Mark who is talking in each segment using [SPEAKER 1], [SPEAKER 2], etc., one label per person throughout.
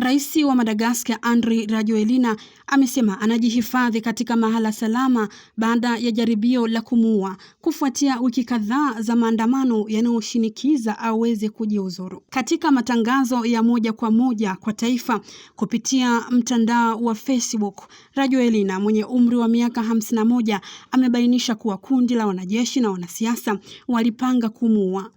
[SPEAKER 1] Rais wa Madagascar Andry Rajoelina amesema anajihifadhi katika mahala salama baada ya jaribio la kumuua kufuatia wiki kadhaa za maandamano yanayoshinikiza aweze kujiuzuru. Katika matangazo ya moja kwa moja kwa taifa kupitia mtandao wa Facebook, Rajoelina mwenye umri wa miaka 51 amebainisha kuwa kundi la wanajeshi na wanasiasa walipanga kumuua.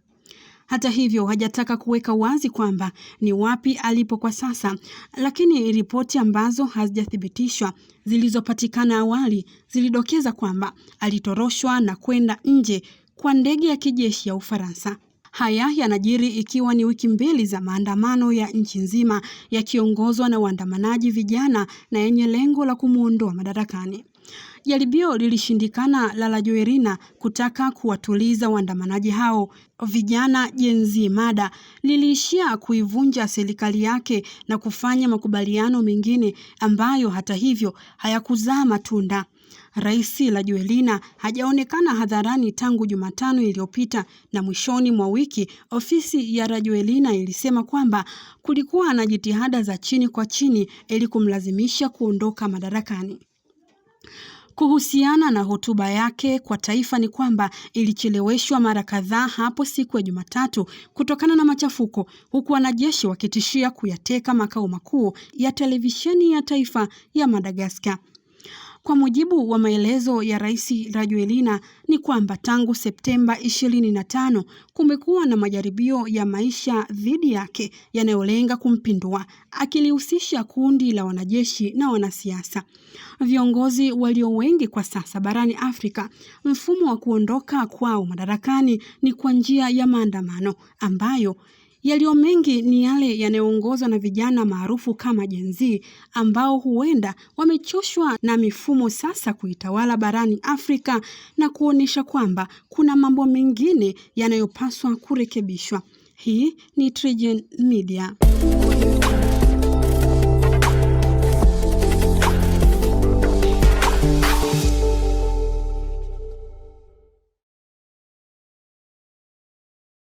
[SPEAKER 1] Hata hivyo, hajataka kuweka wazi kwamba ni wapi alipo kwa sasa, lakini ripoti ambazo hazijathibitishwa zilizopatikana awali zilidokeza kwamba alitoroshwa na kwenda nje kwa ndege ya kijeshi ya Ufaransa. Haya yanajiri ikiwa ni wiki mbili za maandamano ya nchi nzima yakiongozwa na waandamanaji vijana na yenye lengo la kumwondoa madarakani. Jaribio lilishindikana la la Joerina kutaka kuwatuliza waandamanaji hao vijana jenzi mada liliishia kuivunja serikali yake na kufanya makubaliano mengine ambayo hata hivyo hayakuzaa matunda. Rais Rajoelina hajaonekana hadharani tangu Jumatano iliyopita na mwishoni mwa wiki ofisi ya Rajoelina ilisema kwamba kulikuwa na jitihada za chini kwa chini ili kumlazimisha kuondoka madarakani. Kuhusiana na hotuba yake kwa taifa ni kwamba ilicheleweshwa mara kadhaa hapo siku ya Jumatatu kutokana na machafuko, huku wanajeshi wakitishia kuyateka makao makuu ya televisheni ya taifa ya Madagascar. Kwa mujibu wa maelezo ya Rais Rajoelina ni kwamba tangu Septemba 25 kumekuwa na majaribio ya maisha dhidi yake yanayolenga kumpindua, akilihusisha kundi la wanajeshi na wanasiasa. Viongozi walio wengi kwa sasa barani Afrika, mfumo wa kuondoka kwao madarakani ni kwa njia ya maandamano ambayo Yaliyo mengi ni yale yanayoongozwa na vijana maarufu kama Gen Z ambao huenda wamechoshwa na mifumo sasa kuitawala barani Afrika na kuonesha kwamba kuna mambo mengine yanayopaswa kurekebishwa. Hii ni TriGen Media.